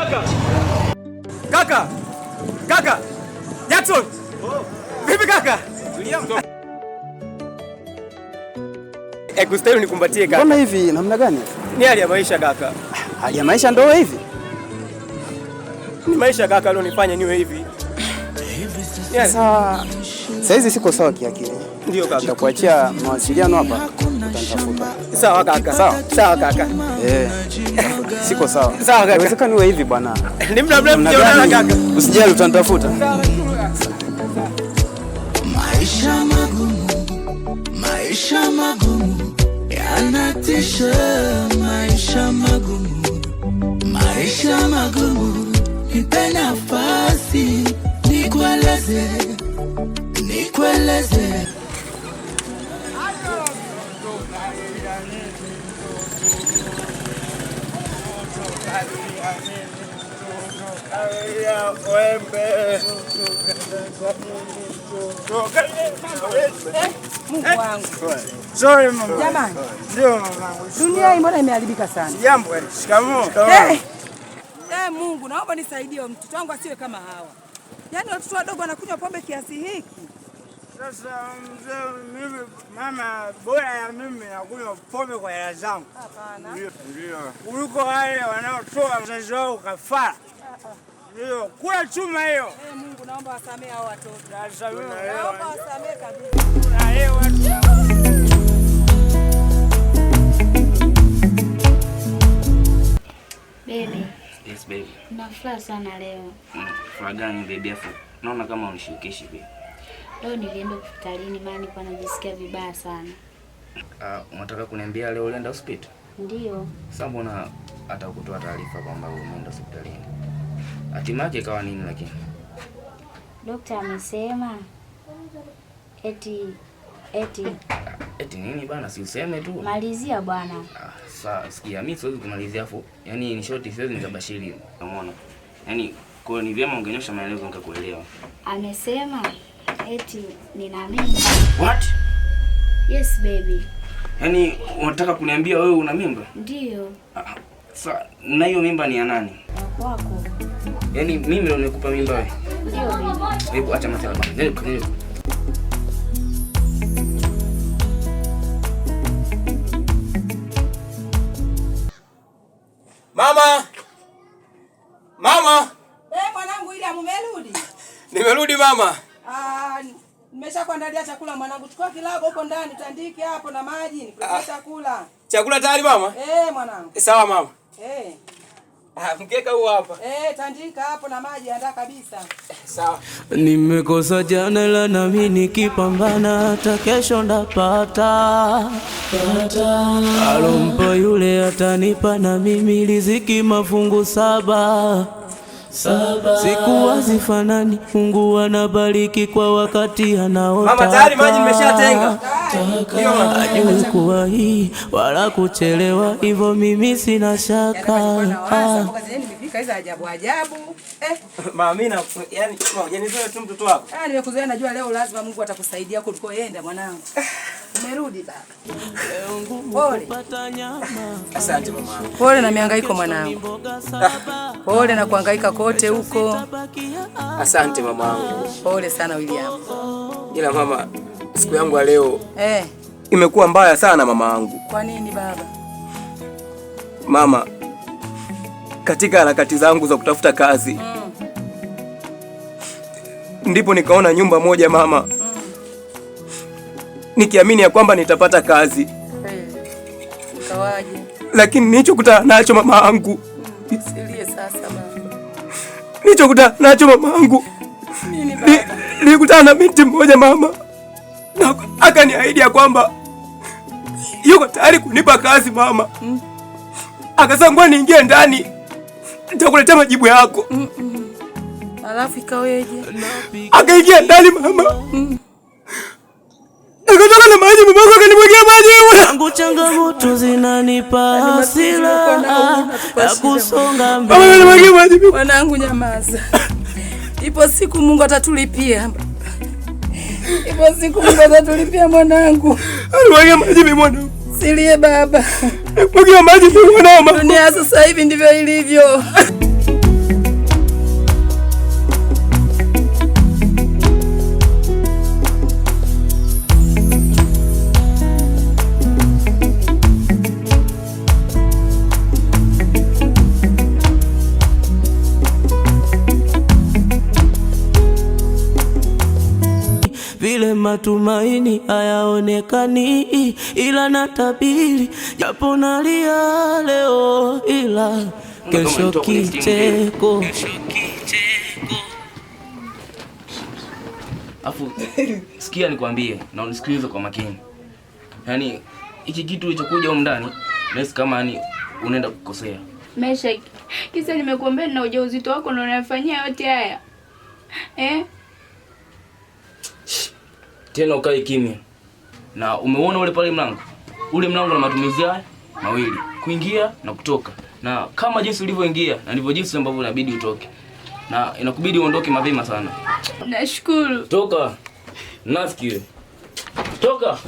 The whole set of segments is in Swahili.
Kaka. Kaka. Kaka. Jackson. Oh. Vipi kaka? Eh, kustahili nikumbatie kaka. Mbona hivi namna gani? Ni hali ya maisha kaka. Hali ya maisha ndio hivi. Ni maisha kaka leo nifanye niwe hivi. Sasa hizi siko sawa kiakili. Ndio kaka. Nitakuachia mawasiliano hapa. Utanitafuta. Sawa kaka. Sawa. Sawa kaka. Eh siko sawa. Sawa kaka. Inawezekana iwe hivi bwana. Ni muda mrefu tunaonana kaka. Usijali utanitafuta. Maisha magumu, maisha magumu yanatisha, maisha magumu, maisha magumu. Nipe nafasi nikueleze, nikueleze Mungu wangu. Sorry mama. Jamani. Ndio mama. Dunia hii mbona imeharibika sana? Jambo. Eh, eh. Shikamoo. Eh, Mungu naomba nisaidie mtoto wangu asiwe kama hawa. Yaani watoto wadogo wanakunywa pombe kiasi hiki. Sasa mzee, mimi mama, bora ya mimi nakunywa pombe kwa hela zangu, kuliko wale wanaotoa wazazi wao kafara. Ndio kula chuma hiyo. Eh, Mungu, naomba wasamee hao watoto. Naomba wasamee kabisa. Baby. Yes, baby. Nafurahi sana leo. Mm, furaha gani baby Afu Naona kama unishukishi baby. Leo nilienda hospitalini maana nilikuwa najisikia vibaya sana. Uh, unataka kuniambia leo ulienda hospitali? Ndio. Sasa mbona hata ukutoa taarifa kwamba umeenda hospitalini? Hatimaye ikawa nini lakini? Dokta amesema eti eti eti nini bana, si useme tu. Malizia bwana. Ah, sasa sikia, mimi siwezi kumalizia afu. Yaani ni short siwezi nikabashiri. Unaona? Yaani kwa ni vyema ungenyosha maelezo nikakuelewa. Amesema eti nina mimba. What? Yes baby. Yaani unataka kuniambia wewe una mimba? Ndio. Ah, sa na hiyo mimba ni ya nani? Wako. Yaani mimi ndio nikupa mimba wewe? Ndio. Hebu acha matala bana. Ndio ndio. Mama! Mama! Eh, hey, mwanangu ile mumerudi. Nimerudi mama nimesha ah, nimeshakuandalia chakula mwanangu, chukua kilabu huko ndani utandike hapo na maji nikuletea ah. chakula. Chakula tayari mama? Eh, mwanangu. Eh, sawa mama. Eh. Ah, mkeka huo hapa. Eh, tandika hapo na maji andaa kabisa. Eh, sawa. Nimekosa jana la na mimi nikipambana hata kesho ndapata. Pata. Alompa yule atanipa na mimi riziki mafungu saba. Saba. Siku hazifanani, Mungu anabariki kwa wakati anaotaka. Mama tayari maji nimeshatenga. Ajui kuwa hii wala kuchelewa, hivyo mimi sina shaka. Ah. Ah, nimekuzoea, najua leo lazima Mungu atakusaidia kuliko yenda mwanangu. Ah. Umerudi baba. Pole na mihangaiko mwanangu. Pole na kuhangaika kote huko. Asante mamangu. Pole sana William. Ila mama, siku yangu ya leo eh, imekuwa mbaya sana mamangu. Kwa nini baba? Mama, katika harakati zangu za kutafuta kazi mm, ndipo nikaona nyumba moja mama nikiamini ya kwamba nitapata kazi Kawaje. Lakini nilichokutana nacho mama angu, nilichokutana nacho mama angu, nilikutana na binti mmoja mama, na akaniahidi ya kwamba yuko tayari kunipa kazi mama, mm. Akasema ngoja niingie ndani nitakuletea majibu yako. mm -mm. Alafu ikaweje? Akaingia ndani mama, mm. wangu changamoto zinanipa yaani hasira ya kusonga mbele. Mwanangu nyamaza, ipo siku Mungu atatulipia, ipo siku Mungu atatulipia mwanangu. Alimwagia maji mimi mwanangu, silie baba, alimwagia maji mwanangu. Dunia sasa hivi ndivyo ilivyo. matumaini hayaonekani, ila natabiri, japo nalia leo, ila kesho kicheko. Afu sikia, nikwambie na unisikilize kwa makini. Yaani hiki kitu kilichokuja huko ndani, nahisi kama yani unaenda kukosea Mesha. Kisa nimekuambia na ujauzito wako na unafanyia yote haya eh? tena ukae kimya. Na umeona ule pale mlango, ule mlango na matumizi haya mawili, kuingia na kutoka, na kama jinsi ulivyoingia na ndivyo jinsi ambavyo inabidi utoke, na inakubidi uondoke mapema sana. Nashukuru. Toka. nasikie, Toka.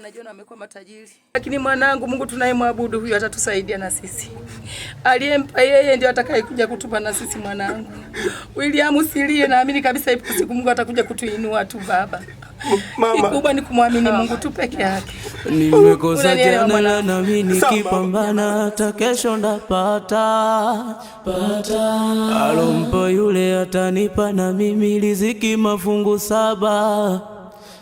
wanajiona wamekuwa matajiri, lakini mwanangu, Mungu tunayemwabudu huyu atatusaidia na sisi. Aliyempa yeye ndio atakayekuja kutupa na sisi. Mwanangu William, usilie, naamini kabisa ipo siku Mungu atakuja kutuinua tu baba. Mama, kikubwa ni kumwamini Mungu tu peke yake. Nimekosa jana na nami nikipambana, hata kesho ndapata pata. Alompa yule atanipa na mimi riziki mafungu saba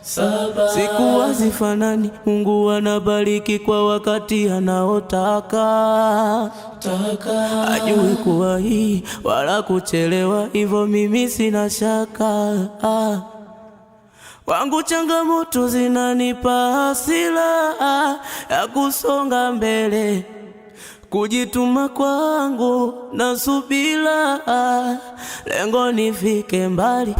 Siku hazifanani, Mungu anabariki kwa wakati anaotaka taka, ajui kuwa hii wala kuchelewa, hivyo mimi sina shaka ah. Wangu changamoto zinanipa hasira ya kusonga mbele kujituma kwangu na subira lengo nifike mbali